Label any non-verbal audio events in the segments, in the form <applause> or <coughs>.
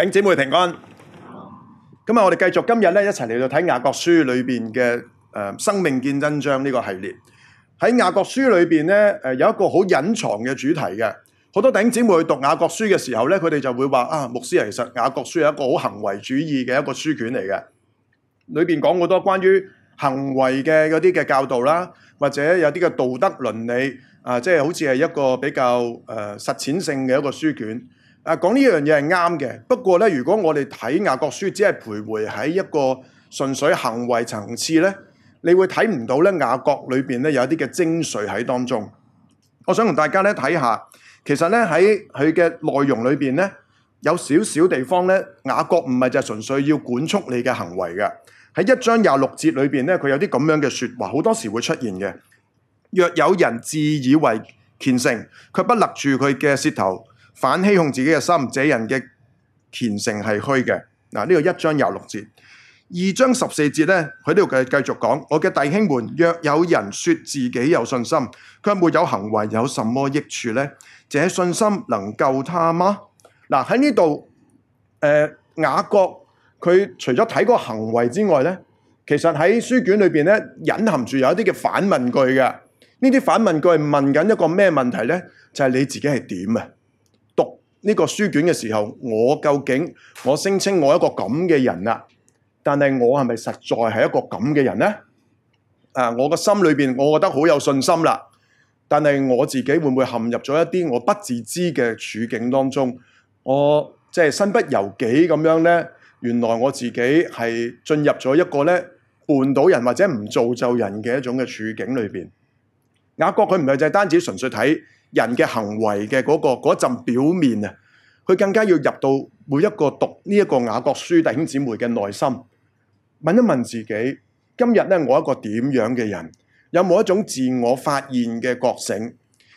弟姐妹平安，今日我哋繼續今日咧一齊嚟到睇《雅各書》裏邊嘅誒，生命見真章呢、這個系列。喺《雅各書》裏邊咧，誒有一個好隱藏嘅主題嘅。好多弟兄姊妹去讀《雅各書》嘅時候咧，佢哋就會話啊，牧師，其實《雅各書》有一個好行為主義嘅一個書卷嚟嘅。裏邊講好多關於行為嘅嗰啲嘅教導啦，或者有啲嘅道德倫理啊，即、就、係、是、好似係一個比較誒實踐性嘅一個書卷。啊，講呢樣嘢係啱嘅。不過咧，如果我哋睇雅各書，只係徘徊喺一個純粹行為層次咧，你會睇唔到咧雅各裏邊咧有一啲嘅精髓喺當中。我想同大家咧睇下，其實咧喺佢嘅內容裏邊咧，有少少地方咧，雅各唔係就純粹要管束你嘅行為嘅。喺一章廿六節裏邊咧，佢有啲咁樣嘅説話，好多時會出現嘅。若有人自以為虔誠，卻不勒住佢嘅舌頭。反欺哄自己嘅心，這人嘅虔誠係虛嘅嗱。呢、這個一章廿六節，二章十四節呢，佢呢度繼繼續講：我嘅弟兄們，若有人説自己有信心，卻沒有行為，有什麼益處咧？這信心能救他嗎？嗱，喺呢度誒，雅各佢除咗睇個行為之外呢，其實喺書卷裏面呢，隱含住有一啲嘅反問句嘅。呢啲反問句問緊一個咩問題呢？就係、是、你自己係點啊？呢個書卷嘅時候，我究竟我聲稱我一個咁嘅人啦，但係我係咪實在係一個咁嘅人呢？啊，我個心裏邊我覺得好有信心啦，但係我自己會唔會陷入咗一啲我不自知嘅處境當中？我即係身不由己咁樣呢？原來我自己係進入咗一個呢「絆倒人」或者唔造就人嘅一種嘅處境裏邊。雅各佢唔係就係單止純粹睇人嘅行為嘅嗰、嗰個嗰陣表面啊，佢更加要入到每一個讀呢一個雅各書弟兄姊妹嘅內心，問一問自己，今日咧我一個點樣嘅人，有冇一種自我發現嘅覺醒？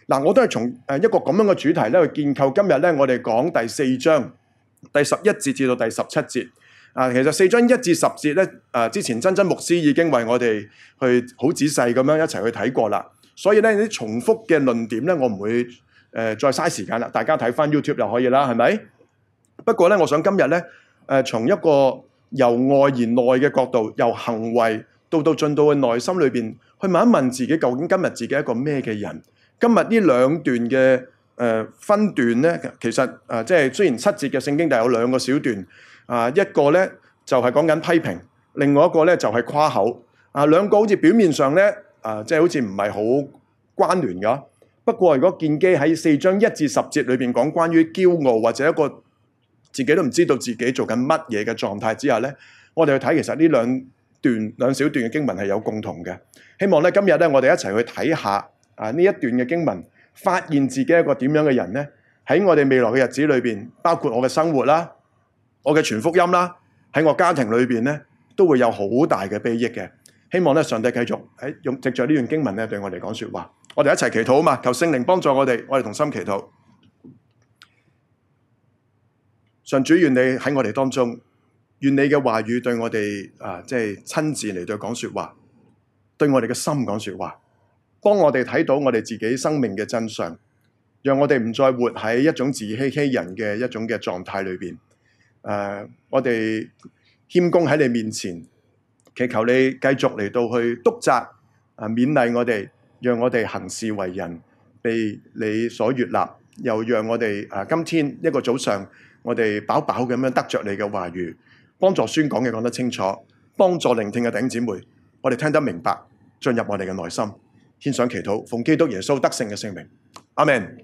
嗱、啊，我都係從誒一個咁樣嘅主題咧去建構今日咧我哋講第四章第十一節至到第十七節啊。其實四章一至十節咧，誒、啊、之前珍珍牧師已經為我哋去好仔細咁樣一齊去睇過啦。所以呢啲重複嘅論點呢，我唔會再嘥時間啦。大家睇翻 YouTube 就可以啦，係咪？不過呢，我想今日呢，誒，從一個由外而內嘅角度，由行為到到進到嘅內心裏面，去問一問自己究竟今日自己係一個咩嘅人？今日呢兩段嘅分段呢，其實啊，即係雖然七節嘅聖經，就有兩個小段，一個呢就係講緊批評，另外一個呢就係誇口啊。兩個好似表面上呢。啊、呃，即係好似唔係好關聯噶。不過，如果建基喺四章一至十節裏邊講關於驕傲或者一個自己都唔知道自己做緊乜嘢嘅狀態之下咧，我哋去睇其實呢兩段兩小段嘅經文係有共同嘅。希望咧今日咧我哋一齊去睇下啊呢一段嘅經文，發現自己一個點樣嘅人咧，喺我哋未來嘅日子裏邊，包括我嘅生活啦、我嘅全福音啦，喺我家庭裏邊咧都會有好大嘅裨益嘅。希望上帝繼續用藉着呢段經文咧，對我哋講說話。我哋一齊祈禱嘛！求聖靈幫助我哋，我哋同心祈禱。上主願你喺我哋當中，願你嘅話語對我哋啊，呃就是，親自嚟對講說話，對我哋嘅心講說話，幫我哋睇到我哋自己生命嘅真相，讓我哋唔再活喺一種自欺欺人嘅一種嘅狀態裏面。呃、我哋謙恭喺你面前。祈求你繼續嚟到去督責勉勵我哋，讓我哋行事為人被你所悅納，又讓我哋今天一個早上我哋飽飽咁樣得着你嘅話語，幫助宣講嘅講得清楚，幫助聆聽嘅弟兄姐妹，我哋聽得明白，進入我哋嘅內心，獻上祈禱，奉基督耶穌得勝嘅聖名，阿門。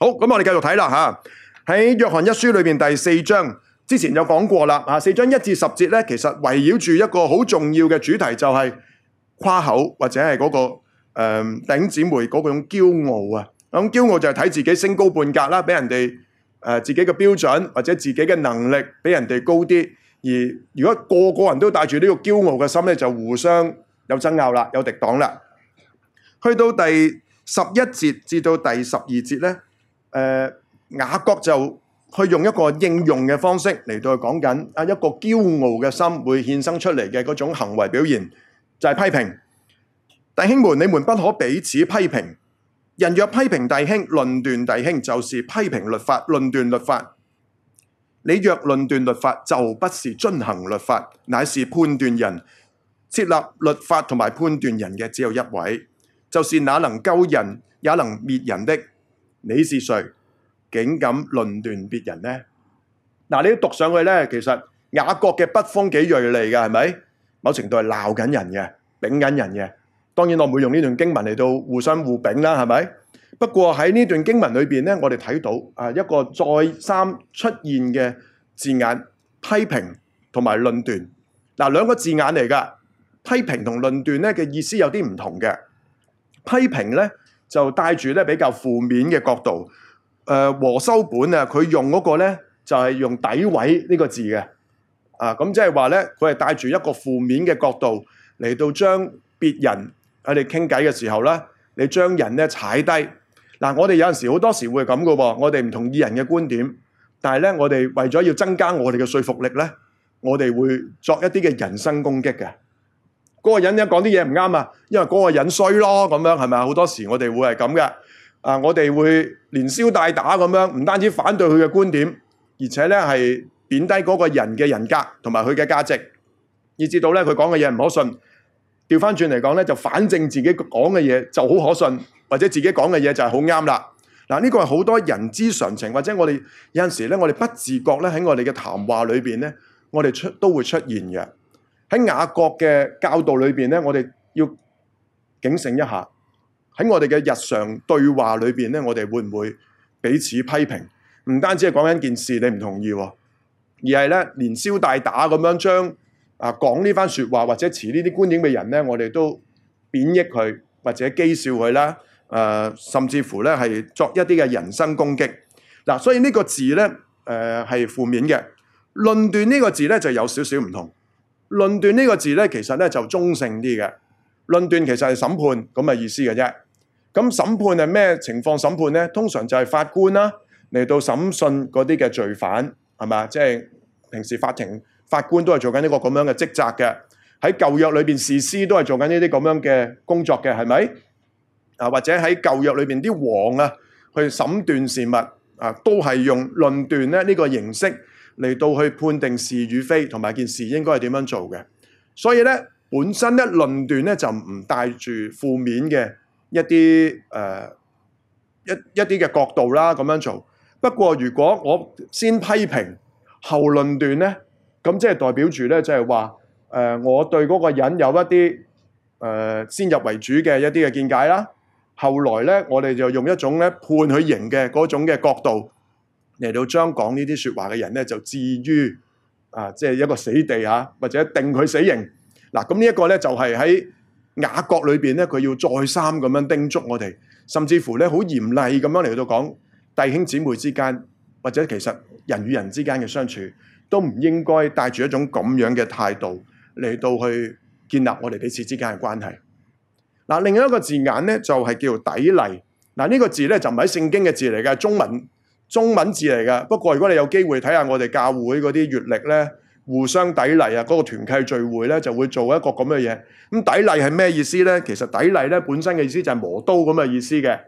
好，咁我哋繼續睇啦吓，喺約翰一書裏面第四章。之前有講過啦，啊四章一至十節咧，其實圍繞住一個好重要嘅主題，就係誇口或者係嗰、那個誒、呃、頂子梅頂姊妹嗰個種驕傲啊。咁、嗯、驕傲就係睇自己升高半格啦，俾人哋誒、呃、自己嘅標準或者自己嘅能力比人哋高啲。而如果個個人都帶住呢個驕傲嘅心咧，就互相有爭拗啦，有敵擋啦。去到第十一節至到第十二節咧，誒、呃、雅各就去用一個應用嘅方式嚟到去講緊啊一個驕傲嘅心會衍生出嚟嘅嗰種行為表現就係、是、批評，弟兄們你們不可彼此批評。人若批評弟兄、論斷弟兄，就是批評律法、論斷律法。你若論斷律法，就不是遵行律法，乃是判斷人。設立律法同埋判斷人嘅只有一位，就是那能救人也能滅人的。你是誰？竟敢論斷別人呢？嗱，你要讀上去呢，其實雅各嘅筆鋒幾鋭利嘅，係咪？某程度係鬧緊人嘅，丙緊人嘅。當然我唔會用呢段經文嚟到互相互丙啦，係咪？不過喺呢段經文裏邊呢，我哋睇到啊一個再三出現嘅字眼——批評同埋論斷。嗱，兩個字眼嚟㗎，批評同論斷呢嘅意思有啲唔同嘅。批評呢，就帶住咧比較負面嘅角度。誒、呃、和修本啊，佢用嗰個呢，就係、是、用詆毀呢個字嘅啊，咁即係話呢，佢係帶住一個負面嘅角度嚟到將別人佢、啊、你傾偈嘅時候呢，你將人呢踩低。嗱、啊，我哋有陣時好多時會咁㗎喎，我哋唔同意人嘅觀點，但係呢，我哋為咗要增加我哋嘅說服力呢，我哋會作一啲嘅人身攻擊嘅。嗰、那個人呢講啲嘢唔啱啊，因為嗰個人衰咯，咁樣係咪啊？好多時我哋會係咁嘅。啊！我哋會連消帶打咁樣，唔單止反對佢嘅觀點，而且呢係貶低嗰個人嘅人格同埋佢嘅價值，以至到咧佢講嘅嘢唔可信。調翻轉嚟講咧，就反證自己講嘅嘢就好可信，或者自己講嘅嘢就係好啱啦。嗱、啊，呢個係好多人之常情，或者我哋有陣時咧，我哋不自覺咧喺我哋嘅談話裏面呢，我哋出都會出現嘅。喺雅各嘅教導裏面呢，我哋要警醒一下。喺我哋嘅日常對話裏邊咧，我哋會唔會彼此批評？唔單止係講緊件事你唔同意，哦，而係咧連消帶打咁樣將啊講呢番説話或者持呢啲觀點嘅人咧，我哋都貶抑佢或者譏笑佢啦。誒、呃，甚至乎咧係作一啲嘅人身攻擊。嗱、啊，所以呢個字咧誒係負面嘅。論斷呢個字咧就有少少唔同。論斷呢個字咧其實咧就中性啲嘅。論斷其實係審判咁嘅意思嘅啫。咁審判係咩情況？審判呢，通常就係法官啦、啊、嚟到審訊嗰啲嘅罪犯係嘛？即係平時法庭法官都係做緊呢個咁樣嘅職責嘅。喺舊約裏邊，士師都係做緊呢啲咁樣嘅工作嘅，係咪啊？或者喺舊約裏面啲王啊，去審斷事物啊，都係用論斷咧呢、呢個形式嚟到去判定是與非，同埋件事應該係點樣做嘅。所以呢，本身呢論斷呢，就唔帶住負面嘅。一啲誒、呃、一一啲嘅角度啦，咁樣做。不過如果我先批評後論斷咧，咁即係代表住咧，即係話誒，我對嗰個人有一啲誒、呃、先入為主嘅一啲嘅見解啦。後來咧，我哋就用一種咧判佢刑嘅嗰種嘅角度嚟到將講呢啲説話嘅人咧，就置於啊，即係一個死地嚇、啊，或者定佢死刑嗱。咁呢一個咧就係、是、喺。雅各裏邊咧，佢要再三咁樣叮囑我哋，甚至乎咧好嚴厲咁樣嚟到講弟兄姊妹之間，或者其實人與人之間嘅相處，都唔應該帶住一種咁樣嘅態度嚟到去建立我哋彼此之間嘅關係。嗱，另外一個字眼咧就係叫砥礪。嗱，呢個字咧就唔係喺聖經嘅字嚟嘅，中文中文字嚟嘅。不過如果你有機會睇下我哋教會嗰啲閲歷咧。互相砥礪啊！嗰個團契聚會咧就會做一個咁嘅嘢。咁砥礪係咩意思咧？其實砥礪咧本身嘅意思就係磨刀咁嘅意思嘅。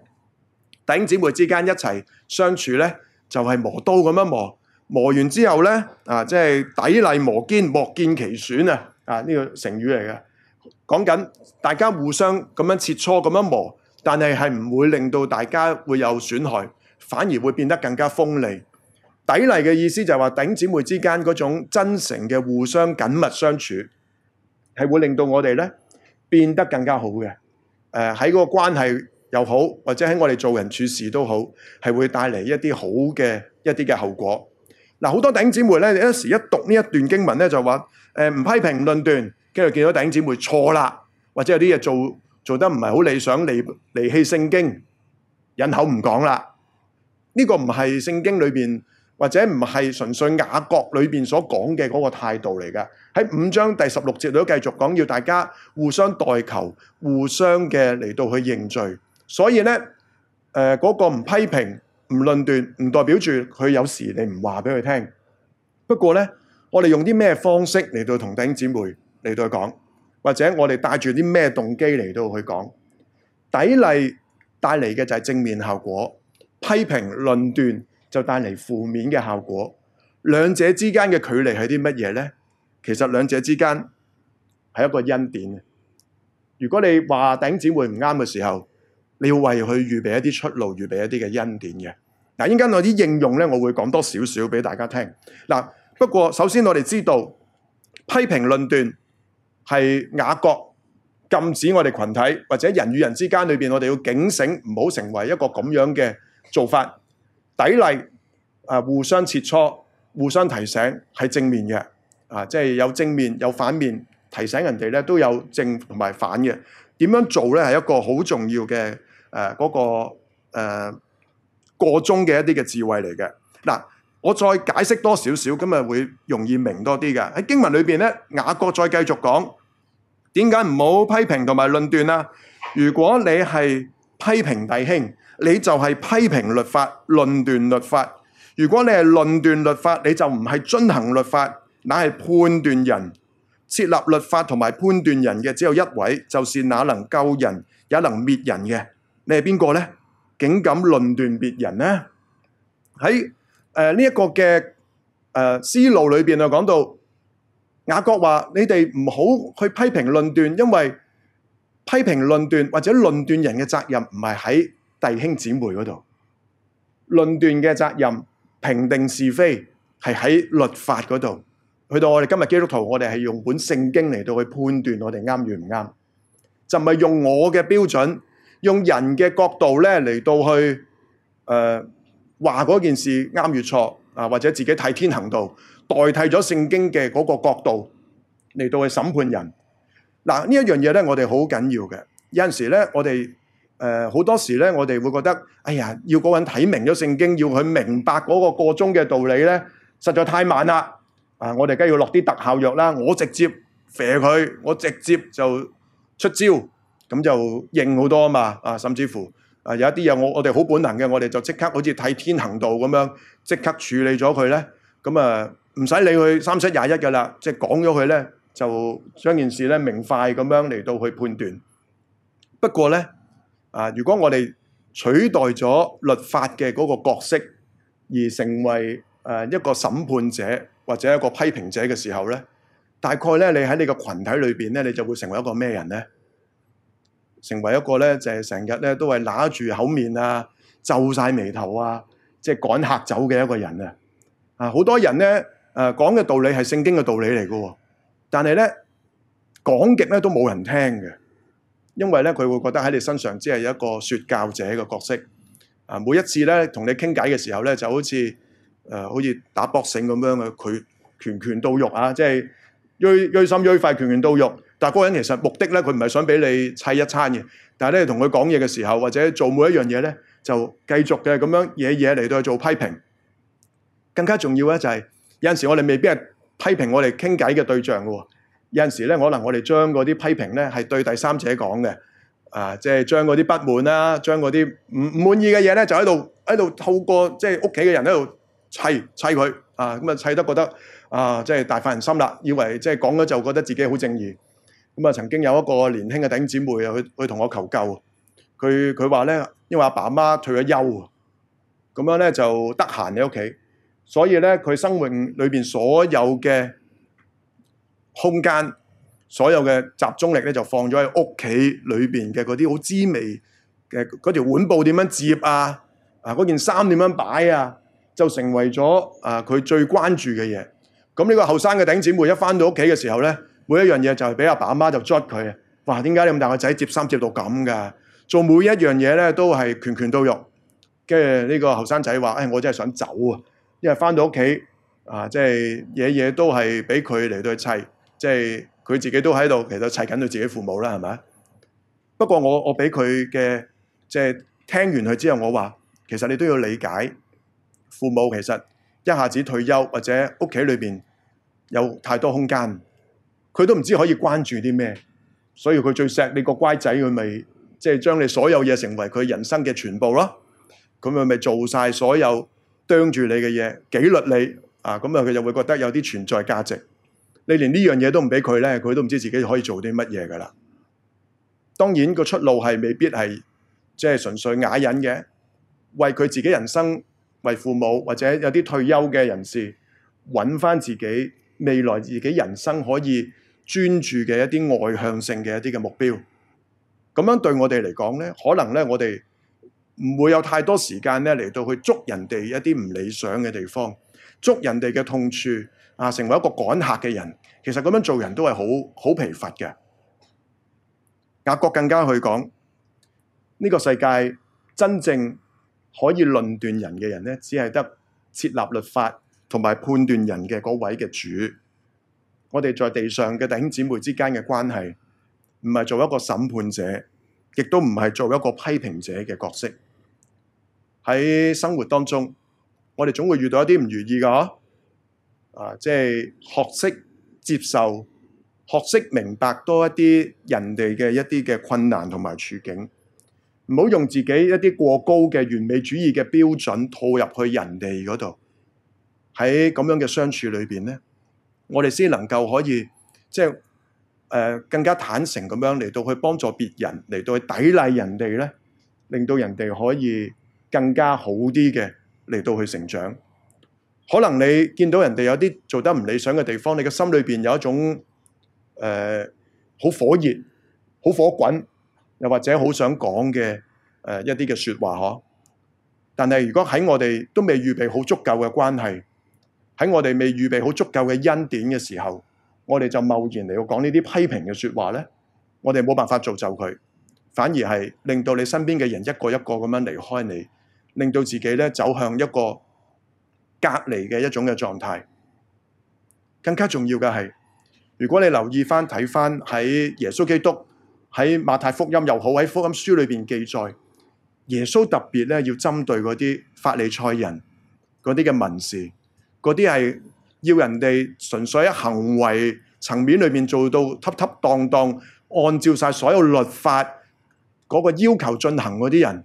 弟兄姊妹之間一齊相處咧，就係磨刀咁樣磨。磨完之後咧，啊即係砥礪磨堅，莫見其損啊！啊呢個成語嚟嘅，講緊大家互相咁樣切磋、咁樣磨，但係係唔會令到大家會有損害，反而會變得更加鋒利。砥礪嘅意思就係話弟兄姊妹之間嗰種真誠嘅互相緊密相處，係會令到我哋呢變得更加好嘅。誒，喺嗰個關係又好，或者喺我哋做人處事都好，係會帶嚟一啲好嘅一啲嘅後果。嗱，好多弟兄姊妹呢一時一讀呢一段經文呢就話，誒，唔批評唔論斷，跟住見到弟兄姊妹錯啦，或者有啲嘢做做得唔係好理想，離離棄聖經，忍口唔講啦。呢個唔係聖經裏面。或者唔係純粹雅各裏邊所講嘅嗰個態度嚟㗎，喺五章第十六節都繼續講，要大家互相代求，互相嘅嚟到去認罪。所以呢，誒、呃、嗰、嗰個唔批評、唔論斷，唔代表住佢有時你唔話俾佢聽。不過呢，我哋用啲咩方式嚟到同弟兄姊妹嚟到去講，或者我哋帶住啲咩動機嚟到去講，砥礪帶嚟嘅就係正面效果，批評論斷，就帶嚟負面嘅效果，兩者之間嘅距離係啲乜嘢呢？其實兩者之間係一個恩典。如果你話頂子會唔啱嘅時候，你要為佢預備一啲出路，預備一啲嘅恩典嘅。嗱，依家我啲應用呢，我會講多少少俾大家聽。嗱，不過首先我哋知道批評論斷係雅各禁止我哋群體或者人與人之間裏邊，我哋要警醒，唔好成為一個咁樣嘅做法。抵賴啊，互相切磋、互相提醒，係正面嘅啊，即係有正面有反面，提醒人哋咧都有正同埋反嘅。點樣做咧係一個好重要嘅誒嗰個誒過中嘅一啲嘅智慧嚟嘅。嗱，我再解釋多少少咁啊，今日會容易明多啲嘅，喺經文裏邊咧，雅各再繼續講點解唔好批評同埋論斷啦？如果你係批評弟兄，你就係批評律法、論斷律法。如果你係論斷律法，你就唔係遵行律法，那係判斷人。設立律法同埋判斷人嘅，只有一位，就是那能救人也能滅人嘅。你係邊個呢？竟敢論斷別人呢？喺誒呢一個嘅誒、呃、思路裏邊就講到雅各話：你哋唔好去批評論斷，因為。批評論斷或者論斷人嘅責任唔係喺弟兄姊妹嗰度，論斷嘅責任、評定是非係喺律法嗰度。去到我哋今日基督徒，我哋係用本聖經嚟到去判斷我哋啱與唔啱，就唔係用我嘅標準、用人嘅角度咧嚟到去誒話嗰件事啱與錯，或者自己替天行道，代替咗聖經嘅嗰個角度嚟到去審判人。嗱呢一樣嘢咧，我哋好緊要嘅。有陣時咧，我哋誒好多時咧，我哋會覺得，哎呀，要嗰個人睇明咗聖經，要去明白嗰個個中嘅道理呢，實在太慢啦！啊、呃，我哋而家要落啲特效藥啦，我直接射佢，我直接就出招，咁就應好多嘛！啊，甚至乎、呃、有一啲嘢我我哋好本能嘅，我哋就即刻好似睇天行道咁樣，即刻處理咗佢、呃、呢。咁啊，唔使理佢三七廿一㗎喇，即係講咗佢咧。就將件事咧明快咁樣嚟到去判斷。不過咧啊，如果我哋取代咗律法嘅嗰個角色，而成為誒、呃、一個審判者或者一個批評者嘅時候咧，大概咧你喺你個群體裏邊咧，你就會成為一個咩人咧？成為一個咧就係成日咧都係揦住口面啊、皺晒眉頭啊，即係趕客走嘅一個人啊！啊，好多人咧誒講嘅道理係聖經嘅道理嚟嘅喎。但係咧，講極咧都冇人聽嘅，因為咧佢會覺得喺你身上只係一個説教者嘅角色。啊，每一次咧同你傾偈嘅時候咧，就好似誒，好似打 boxing 咁樣嘅，佢拳拳到肉啊，即係鋭鋭心鋭快，拳拳到肉。但係嗰個人其實目的咧，佢唔係想俾你砌一餐嘅。但係咧，同佢講嘢嘅時候，或者做每一樣嘢咧，就繼續嘅咁樣嘢嘢嚟到做批評。更加重要咧就係有陣時我哋未必係。批評我哋傾偈嘅對象嘅喎，有陣時咧可能我哋將嗰啲批評咧係對第三者講嘅，啊，即係將嗰啲不滿啦、啊，將嗰啲唔唔滿意嘅嘢咧就喺度喺度透過即係屋企嘅人喺度砌砌佢，啊咁啊砌得覺得啊即係、就是、大發人心啦，以為即係講咗就覺得自己好正義。咁啊曾經有一個年輕嘅弟兄姊妹啊去去同我求救，佢佢話咧因為阿爸阿媽退咗休啊，咁樣咧就得閒喺屋企。所以咧，佢生命裏邊所有嘅空間，所有嘅集中力咧，就放咗喺屋企裏邊嘅嗰啲好滋味嘅嗰條碗布點樣摺啊？啊，嗰件衫點樣擺啊？就成為咗啊，佢最關注嘅嘢。咁呢個後生嘅頂姊妹一返到屋企嘅時候咧，每一樣嘢就係俾阿爸阿媽就 judge 佢啊！哇，點解你咁大個仔摺衫摺到咁噶？做每一樣嘢咧都係拳拳到肉。跟住呢個後生仔話：唉、哎，我真係想走啊！因為翻到屋企啊，即係嘢嘢都係俾佢嚟到砌，即係佢自己都喺度，其實砌緊佢自己父母啦，係咪？不過我我俾佢嘅，即係聽完佢之後我，我話其實你都要理解父母，其實一下子退休或者屋企裏邊有太多空間，佢都唔知可以關注啲咩，所以佢最錫你個乖仔，佢咪即係將你所有嘢成為佢人生嘅全部咯？咁佢咪做晒所有。盯住你嘅嘢，紀律你啊，咁啊佢就會覺得有啲存在價值。你連呢樣嘢都唔俾佢咧，佢都唔知自己可以做啲乜嘢噶啦。當然個出路係未必係即係純粹啞忍嘅，為佢自己人生，為父母或者有啲退休嘅人士揾翻自己未來自己人生可以專注嘅一啲外向性嘅一啲嘅目標。咁樣對我哋嚟講咧，可能咧我哋，唔會有太多時間咧嚟到去捉人哋一啲唔理想嘅地方，捉人哋嘅痛處啊，成為一個趕客嘅人。其實咁樣做人都係好好疲乏嘅。雅各更加去講，呢個世界真正可以論斷人嘅人呢，只係得設立律法同埋判斷人嘅嗰位嘅主。我哋在地上嘅弟兄姊妹之間嘅關係，唔係做一個審判者，亦都唔係做一個批評者嘅角色。喺生活當中，我哋總會遇到一啲唔如意嘅，啊，即係學識接受、學識明白多一啲人哋嘅一啲嘅困難同埋處境，唔好用自己一啲過高嘅完美主義嘅標準套入去人哋嗰度。喺咁樣嘅相處裏邊咧，我哋先能夠可以即係誒、呃、更加坦誠咁樣嚟到去幫助別人，嚟到去砥礪人哋咧，令到人哋可以更加好啲嘅嚟到去成長，可能你見到人哋有啲做得唔理想嘅地方，你嘅心裏邊有一種誒好火熱、好火滾，又或者好想講嘅誒一啲嘅説話呵。但係如果喺我哋都未預備好足夠嘅關係，喺我哋未預備好足夠嘅恩典嘅時候，我哋就貿然嚟到講呢啲批評嘅説話咧，我哋冇辦法造就佢，反而係令到你身邊嘅人一個一個咁樣離開你。令到自己咧走向一個隔離嘅一種嘅狀態，更加重要嘅係，如果你留意翻睇翻，喺耶穌基督喺馬太福音又好，喺福音書裏邊記載，耶穌特別咧要針對嗰啲法利賽人嗰啲嘅文士，嗰啲係要人哋純粹喺行為層面裏邊做到恰恰當當，按照曬所有律法嗰個要求進行嗰啲人。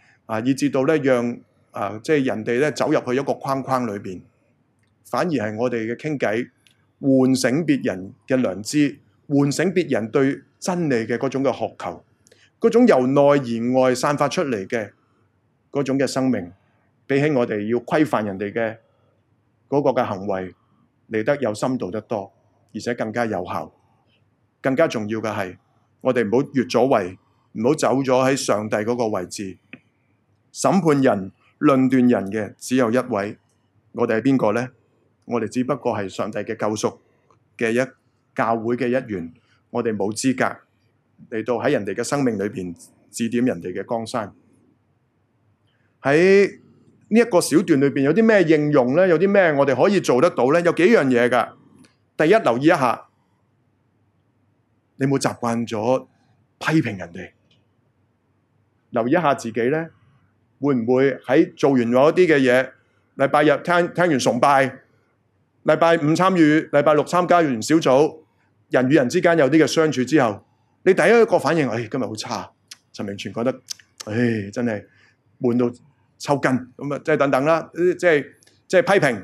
啊！以至到咧，讓啊，即係人哋咧走入去一個框框裏邊，反而係我哋嘅傾偈，喚醒別人嘅良知，喚醒別人對真理嘅嗰種嘅渴求，嗰種由內而外散發出嚟嘅嗰種嘅生命，比起我哋要規範人哋嘅嗰個嘅行為，嚟得有深度得多，而且更加有效。更加重要嘅係，我哋唔好越咗位，唔好走咗喺上帝嗰個位置。審判人、論斷人嘅只有一位，我哋係邊個咧？我哋只不過係上帝嘅救贖嘅一、教會嘅一員，我哋冇資格嚟到喺人哋嘅生命裏邊指點人哋嘅江山。喺呢一個小段裏邊有啲咩應用咧？有啲咩我哋可以做得到咧？有幾樣嘢噶。第一，留意一下，你冇習慣咗批評人哋？留意一下自己咧。會唔會喺做完咗一啲嘅嘢？禮拜日聽，聽完崇拜，禮拜五參與，禮拜六參加完小組，人與人之間有啲嘅相處之後，你第一個反應，哎，今日好差，就完全覺得，唉、哎，真係悶到抽筋，咁啊、呃，即係等等啦，即係批評，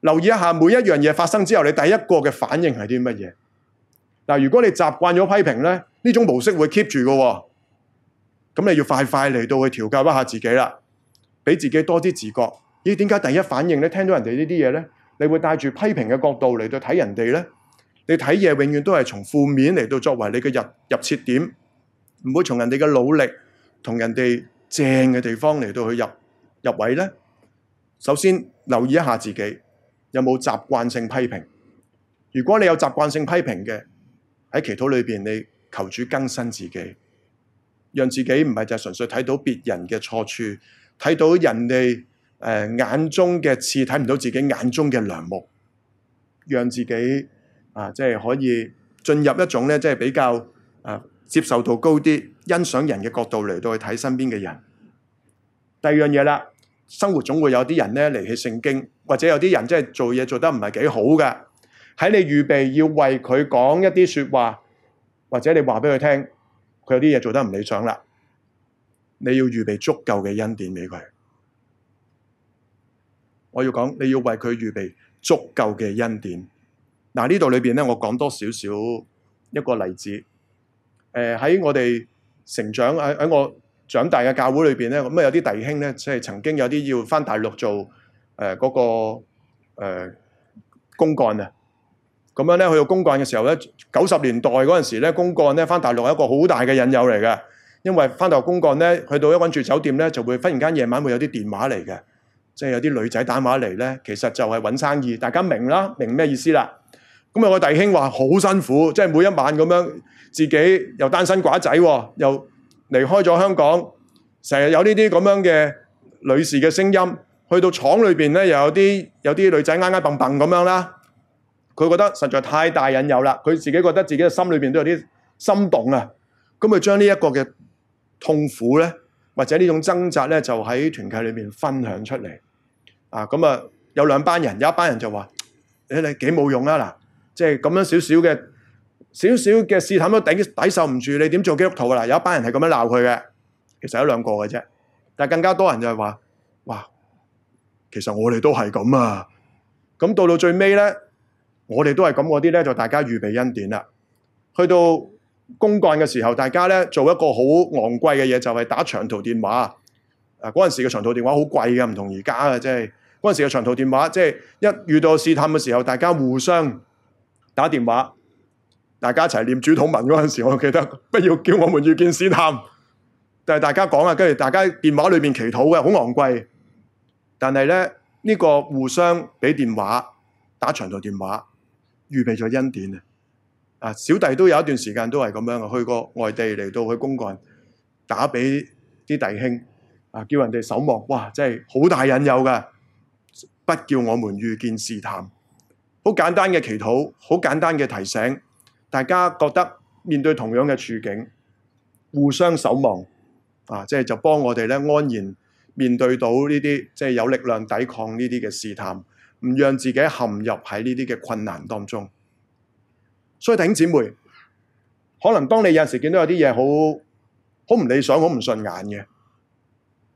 留意一下每一樣嘢發生之後，你第一個嘅反應係啲乜嘢？嗱，如果你習慣咗批評咧，呢種模式會 keep 住嘅喎。咁你要快快嚟到去調教一下自己啦，俾自己多啲自覺。咦？點解第一反應咧，聽到人哋呢啲嘢咧，你會帶住批評嘅角度嚟到睇人哋咧？你睇嘢永遠都係從負面嚟到作為你嘅入入切點，唔會從人哋嘅努力同人哋正嘅地方嚟到去入入位咧。首先留意一下自己有冇習慣性批評。如果你有習慣性批評嘅，喺祈禱裏邊，你求主更新自己。讓自己唔係淨係純粹睇到別人嘅錯處，睇到人哋眼中嘅刺，睇唔到自己眼中嘅梁木。讓自己啊，即係可以進入一種咧，即係比較啊接受度高啲，欣賞人嘅角度嚟到去睇身邊嘅人。第二樣嘢啦，生活總會有啲人咧離棄聖經，或者有啲人即係做嘢做得唔係幾好嘅，喺你預備要為佢講一啲説話，或者你話俾佢聽。佢有啲嘢做得唔理想啦，你要預備足夠嘅恩典俾佢。我要講，你要為佢預備足夠嘅恩典。嗱、啊，呢度裏邊呢，我講多少少一個例子。誒、呃，喺我哋成長喺我長大嘅教會裏邊呢，咁、呃、啊有啲弟兄呢，即係曾經有啲要返大陸做誒嗰、呃那個誒公、呃、幹咁樣咧去到公幹嘅時候咧，九十年代嗰時咧，公幹咧翻大陸係一個好大嘅引誘嚟嘅。因為翻大陸公幹咧，去到一揾住酒店咧，就會忽然間夜晚會有啲電話嚟嘅，即係有啲女仔打電話嚟咧，其實就係揾生意，大家明啦，明咩意思啦？咁啊，有個弟兄話好辛苦，即係每一晚咁樣自己又單身寡仔，又離開咗香港，成日有呢啲咁樣嘅女士嘅聲音，去到廠裏面呢，又有啲女仔挨挨蹦蹦咁樣啦。佢覺得實在太大引誘啦，佢自己覺得自己嘅心裏邊都有啲心動啊，咁佢將呢一個嘅痛苦咧，或者呢種掙扎咧，就喺團契裏邊分享出嚟啊。咁啊，有兩班人，有一班人就話：你你幾冇用啊嗱，即係咁樣少少嘅少少嘅試探都頂抵受唔住，你點做基督徒㗎啦？有一班人係咁樣鬧佢嘅，其實有一兩個嘅啫，但係更加多人就係話：哇，其實我哋都係咁啊。咁到到最尾咧。我哋都係咁嗰啲咧，就大家預備恩典啦。去到公幹嘅時候，大家咧做一個好昂貴嘅嘢，就係、是、打長途電話。嗰、啊、陣時嘅長途電話好貴嘅，唔同而家嘅。即係嗰時嘅長途電話，即、就、係、是、一遇到試探嘅時候，大家互相打電話，大家一齊念主禱文嗰陣時候，我記得 <laughs> 不要叫我們遇見試探，但係大家講啊，跟住大家電話裏面祈禱嘅，好昂貴。但係呢，呢、這個互相俾電話打長途電話。預備咗恩典啊！小弟都有一段時間都係咁樣啊，去過外地嚟到去公幹，打俾啲弟兄、啊、叫人哋守望。哇！真係好大引誘噶，不叫我們遇見試探。好簡單嘅祈禱，好簡單嘅提醒，大家覺得面對同樣嘅處境，互相守望啊！即係就幫我哋安然面對到呢啲即係有力量抵抗呢啲嘅試探。唔讓自己陷入喺呢啲嘅困難當中，所以弟兄姊妹，可能當你有時見到有啲嘢好好唔理想，好唔順眼嘅，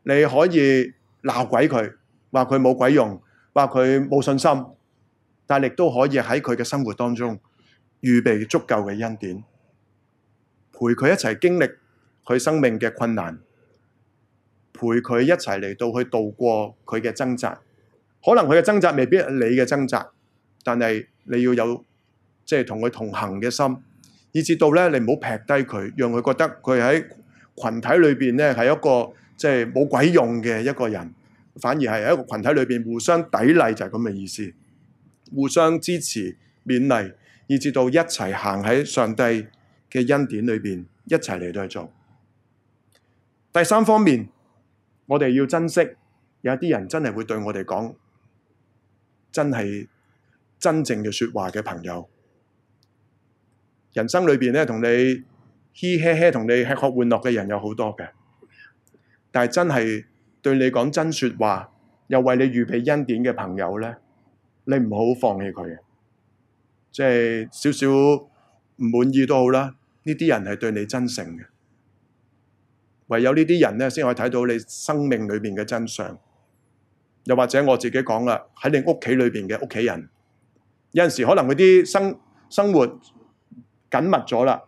你可以鬧鬼佢，話佢冇鬼用，話佢冇信心，但係你都可以喺佢嘅生活當中預備足夠嘅恩典，陪佢一齊經歷佢生命嘅困難，陪佢一齊嚟到去度過佢嘅掙扎。可能佢嘅掙扎未必係你嘅掙扎，但係你要有即係同佢同行嘅心，以至到咧你唔好撇低佢，讓佢覺得佢喺群體裏邊咧係一個即係冇鬼用嘅一個人，反而係一個群體裏邊互相砥礪就係咁嘅意思，互相支持勉勵，以至到一齊行喺上帝嘅恩典裏邊，一齊嚟到去做。第三方面，我哋要珍惜有啲人真係會對我哋講。真係真正嘅說話嘅朋友，人生裡面咧同你嘻嘻嘻、同你吃喝玩樂嘅人有好多嘅，但係真係對你講真說話、又為你預備恩典嘅朋友咧，你唔好放棄佢。即係少少唔滿意都好啦，呢啲人係對你真誠嘅，唯有呢啲人咧先可以睇到你生命裡面嘅真相。又或者我自己講啦，喺你屋企裏邊嘅屋企人，有陣時可能佢啲生生活緊密咗啦，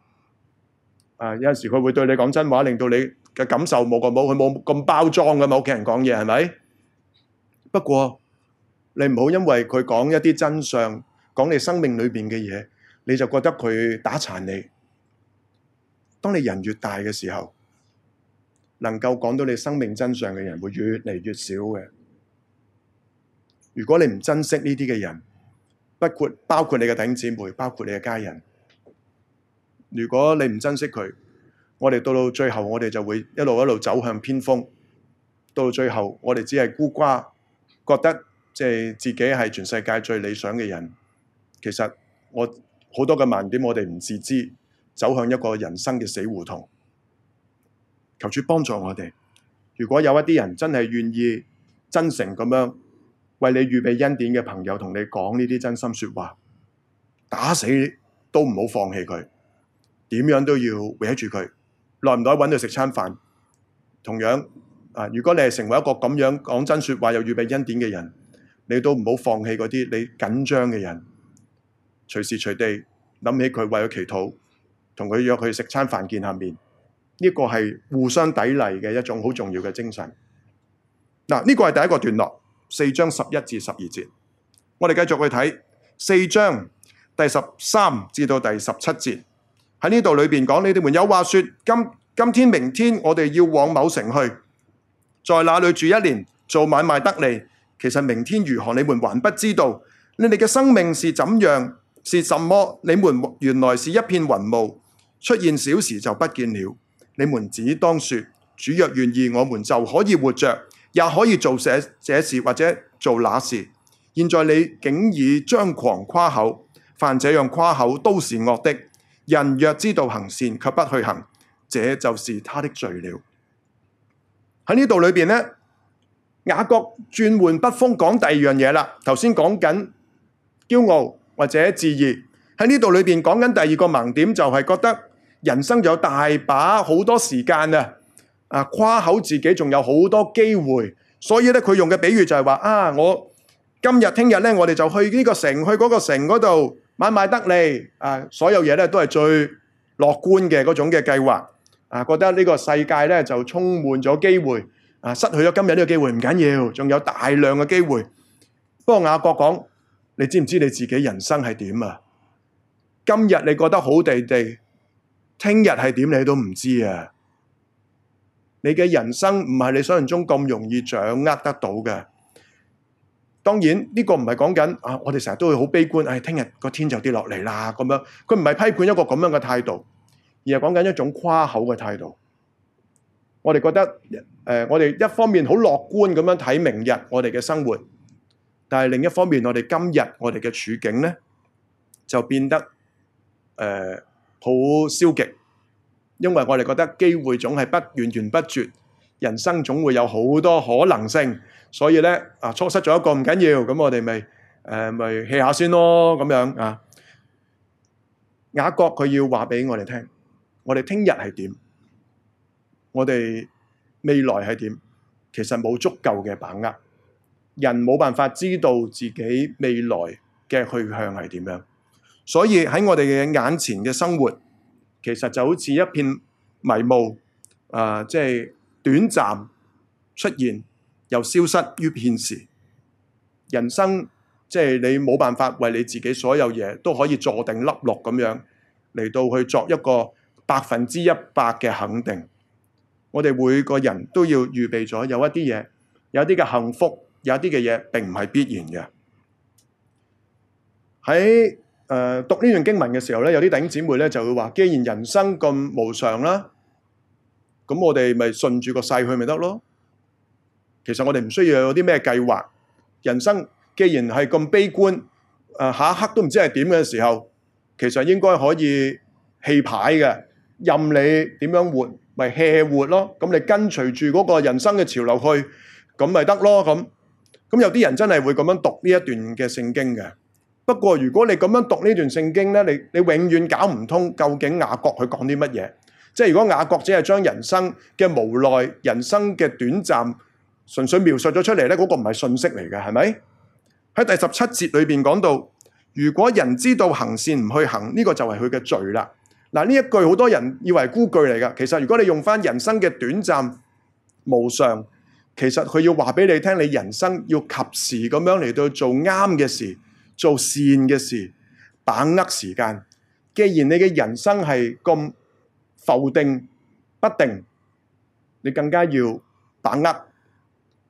啊有陣時佢會對你講真話，令到你嘅感受冇咁冇佢冇咁包裝嘅嘛。屋企人講嘢係咪？不過你唔好因為佢講一啲真相，講你生命裏邊嘅嘢，你就覺得佢打殘你。當你人越大嘅時候，能夠講到你生命真相嘅人，會越嚟越少嘅。如果你唔珍惜呢啲嘅人，包括包括你嘅弟兄姊妹，包括你嘅家人，如果你唔珍惜佢，我哋到到最後我哋就會一路一路走向偏鋒，到最後我哋只係孤寡，覺得即係自己係全世界最理想嘅人。其實我好多嘅盲點，我哋唔自知，走向一個人生嘅死胡同。求主幫助我哋。如果有一啲人真係願意真誠咁樣。為你預備恩典嘅朋友同你講呢啲真心說話，打死都唔好放棄佢，點樣都要圍住佢，耐唔耐揾佢食餐飯。同樣啊，如果你係成為一個咁樣講真說話又預備恩典嘅人，你都唔好放棄嗰啲你緊張嘅人，隨時隨地諗起佢，為佢祈禱，同佢約佢食餐飯見下面。呢、這個係互相砥礪嘅一種好重要嘅精神。嗱、啊，呢、這個係第一個段落。四章十一至十二節，我哋繼續去睇四章第十三至到第十七節。喺呢度裏邊講，你哋們有話說，今今天、明天，我哋要往某城去，在那裏住一年，做買賣得利。其實明天如何，你們還不知道。你哋嘅生命是怎樣，是什麼？你們原來是一片雲霧，出現小時就不見了。你們只當說：主若願意，我們就可以活着。也可以做這這事或者做那事。現在你竟以張狂誇口，凡這樣誇口都是惡的。人若知道行善，卻不去行，這就是他的罪了。喺呢度裏邊呢，雅各轉換筆鋒講第二樣嘢啦。頭先講緊驕傲或者自義，喺呢度裏邊講緊第二個盲點，就係覺得人生有大把好多時間啊。啊，誇口自己仲有好多機會，所以呢佢用嘅比喻就係話啊，我今日、聽日呢，我哋就去呢個城、去嗰個城嗰度買買得利啊，所有嘢呢都係最樂觀嘅嗰種嘅計劃啊，覺得呢個世界呢就充滿咗機會啊，失去咗今日呢個機會唔緊要，仲有大量嘅機會。不過雅各講，你知唔知你自己人生係點啊？今日你覺得好地地，聽日係點你都唔知啊！你嘅人生唔係你想象中咁容易掌握得到嘅。當然呢、這個唔係講緊我哋成日都會好悲觀，誒、哎，聽日個天就跌落嚟啦咁樣。佢唔係批判一個咁樣嘅態度，而係講緊一種誇口嘅態度。我哋覺得、呃、我哋一方面好樂觀咁樣睇明日我哋嘅生活，但係另一方面我哋今日我哋嘅處境咧就變得好、呃、消極。因為我哋覺得機會總係不源源不絕，人生總會有好多可能性，所以咧，啊錯失咗一個唔緊要，咁我哋咪誒咪 hea 下先咯，咁樣啊。雅各佢要話俾我哋聽，我哋聽日係點，我哋未來係點，其實冇足夠嘅把握，人冇辦法知道自己未來嘅去向係點樣，所以喺我哋嘅眼前嘅生活。其實就好似一片迷霧，誒、呃，即係短暫出現，又消失於現時。人生即係你冇辦法為你自己所有嘢都可以坐定笠落咁樣嚟到去作一個百分之一百嘅肯定。我哋每個人都要預備咗有一啲嘢，有啲嘅幸福，有啲嘅嘢並唔係必然嘅。喺誒，讀呢段經文嘅時候咧，有啲弟兄姊妹咧就會話：既然人生咁無常啦，咁我哋咪順住個勢去咪得咯。其實我哋唔需要有啲咩計劃。人生既然係咁悲觀，誒，下一刻都唔知係點嘅時候，其實應該可以棄牌嘅，任你點樣活，咪棄活咯。咁你跟隨住嗰個人生嘅潮流去，咁咪得咯。咁咁有啲人真係會咁樣讀呢一段嘅聖經嘅。不過，如果你咁樣讀呢段聖經呢，你你永遠搞唔通究竟雅各佢講啲乜嘢。即係如果雅各只係將人生嘅無奈、人生嘅短暫，純粹描述咗出嚟呢，嗰個唔係信息嚟嘅，係咪？喺第十七節裏邊講到，如果人知道行善唔去行，呢個就係佢嘅罪啦。嗱，呢一句好多人以為孤句嚟噶，其實如果你用翻人生嘅短暫、無常，其實佢要話俾你聽，你人生要及時咁樣嚟到做啱嘅事。做善嘅事，把握時間。既然你嘅人生係咁否定不定，你更加要把握。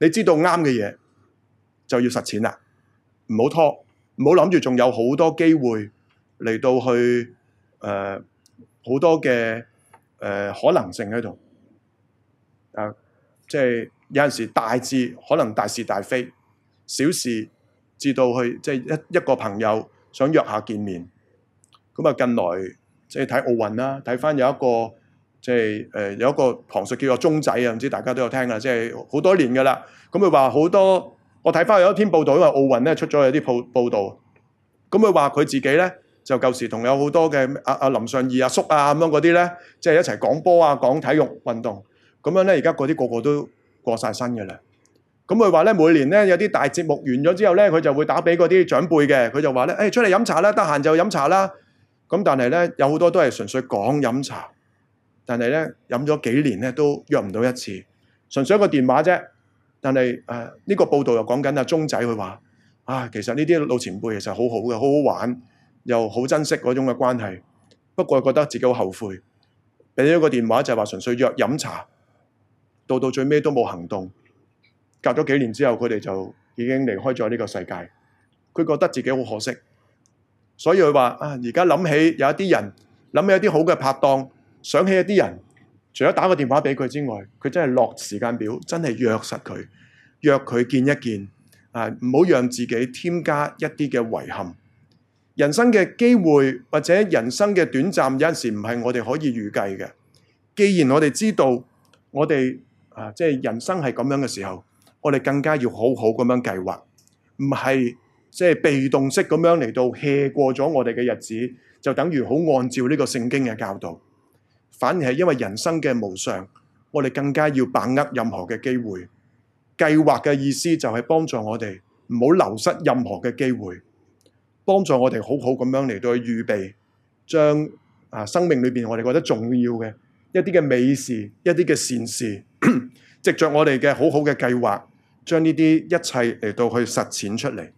你知道啱嘅嘢就要實踐啦，唔好拖，唔好諗住仲有好多機會嚟到去誒好多嘅誒可能性喺度。啊，即係有陣時大志可能大是大非，小事。至到佢即係一一個朋友想約下見面。咁啊近來即係睇奧運啦，睇翻有一個即係誒有一個旁述叫做鐘仔啊，唔知大家都有聽啦，即係好多年㗎啦。咁佢話好多，我睇翻有一篇報道，因為奧運咧出咗有啲報報導。咁佢話佢自己咧就舊時同有好多嘅阿阿林尚義阿叔啊咁樣嗰啲咧，即係一齊講波啊講體育運動，咁樣咧而家嗰啲個個都過曬身嘅啦。咁佢話咧，每年咧有啲大節目完咗之後咧，佢就會打俾嗰啲長輩嘅，佢就話咧：誒出嚟飲茶啦，得閒就飲茶啦。咁但係咧，有好多都係純粹講飲茶，但係咧飲咗幾年咧都約唔到一次，純粹一個電話啫。但係誒呢個報道又講緊阿鐘仔佢話：啊其實呢啲老前輩其實好好嘅，好好玩，又好珍惜嗰種嘅關係。不過覺得自己好後悔，俾咗個電話就係話純粹約飲茶，到到最尾都冇行動。隔咗幾年之後，佢哋就已經離開咗呢個世界。佢覺得自己好可惜，所以佢話：啊，而家諗起有一啲人，諗起一啲好嘅拍檔，想起一啲人，除咗打個電話俾佢之外，佢真係落時間表，真係約實佢，約佢見一見啊！唔好讓自己添加一啲嘅遺憾。人生嘅機會或者人生嘅短暫，有陣時唔係我哋可以預計嘅。既然我哋知道我哋啊，即係人生係咁樣嘅時候。我哋更加要好好咁樣計劃，唔係即係被動式咁樣嚟到 hea 過咗我哋嘅日子，就等於好按照呢個聖經嘅教導，反而係因為人生嘅無常，我哋更加要把握任何嘅機會。計劃嘅意思就係幫助我哋唔好流失任何嘅機會，幫助我哋好好咁樣嚟到去預備，將啊生命裏邊我哋覺得重要嘅一啲嘅美事、一啲嘅善事， <coughs> 藉着我哋嘅好好嘅計劃。將呢啲一切嚟到去實踐出嚟，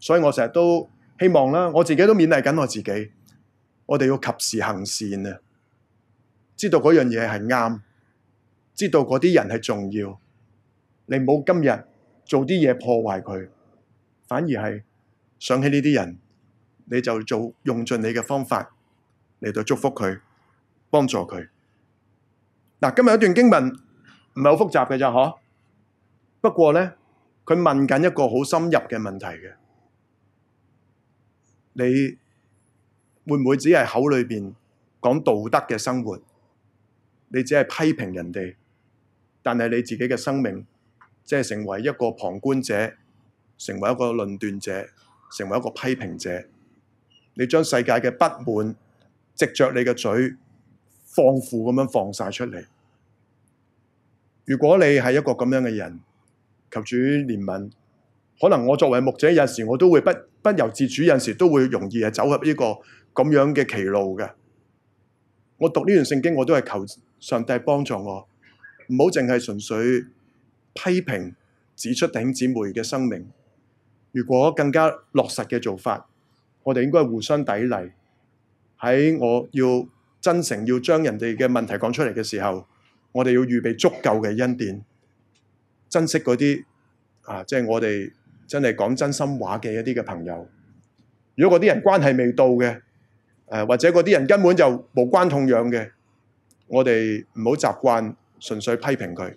所以我成日都希望啦，我自己都勉勵緊我自己，我哋要及時行善啊！知道嗰樣嘢係啱，知道嗰啲人係重要，你冇今日做啲嘢破壞佢，反而係想起呢啲人，你就做用盡你嘅方法嚟到祝福佢，幫助佢。嗱，今日一段經文唔係好複雜嘅啫，嗬。不過呢，佢問緊一個好深入嘅問題嘅，你會唔會只係口裏邊講道德嘅生活？你只係批評人哋，但係你自己嘅生命只係成為一個旁觀者，成為一個論斷者，成為一個批評者。你將世界嘅不滿藉着你嘅嘴放虎咁樣放晒出嚟。如果你係一個咁樣嘅人。求主憐憫，可能我作為牧者，有陣時我都會不不由自主，有陣時都會容易係走入呢個咁樣嘅歧路嘅。我讀呢段聖經，我都係求上帝幫助我，唔好淨係純粹批評指出弟兄姊妹嘅生命。如果更加落實嘅做法，我哋應該互相砥礪。喺我要真誠要將人哋嘅問題講出嚟嘅時候，我哋要預備足夠嘅恩典。珍惜嗰啲啊，即係我哋真係講真心話嘅一啲嘅朋友。如果嗰啲人關係未到嘅，誒、或者嗰啲人根本就無關痛癢嘅，我哋唔好習慣純粹批評佢。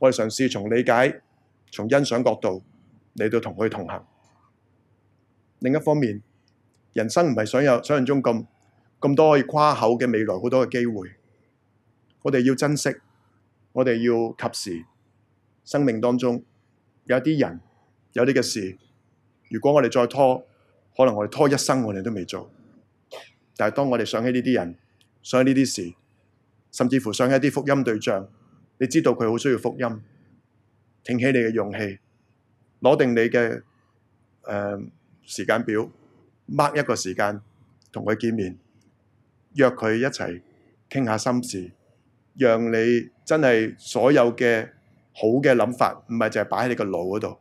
我哋嘗試從理解、從欣賞角度嚟到同佢同行。另一方面，人生唔係想有想象中咁咁多可以誇口嘅未來好多嘅機會。我哋要珍惜，我哋要及時。生命當中有啲人，有啲嘅事，如果我哋再拖，可能我哋拖一生我哋都未做。但係當我哋想起呢啲人，想起呢啲事，甚至乎想起一啲福音對象，你知道佢好需要福音，挺起你嘅勇氣，攞定你嘅誒、呃、時間表，mark 一個時間同佢見面，約佢一齊傾下心事，讓你真係所有嘅，好嘅諗法，唔係就係擺喺你個腦嗰度，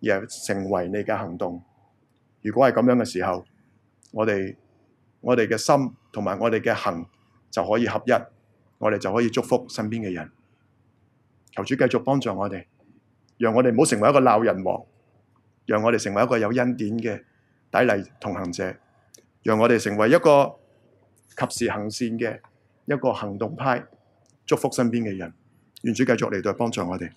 而係成為你嘅行動。如果係咁樣嘅時候，我哋我哋嘅心同埋我哋嘅行就可以合一，我哋就可以祝福身邊嘅人。求主繼續幫助我哋，讓我哋唔好成為一個鬧人王，讓我哋成為一個有恩典嘅砥礪同行者，讓我哋成為一個及時行善嘅一個行動派，祝福身邊嘅人。願主繼續嚟到幫助我哋。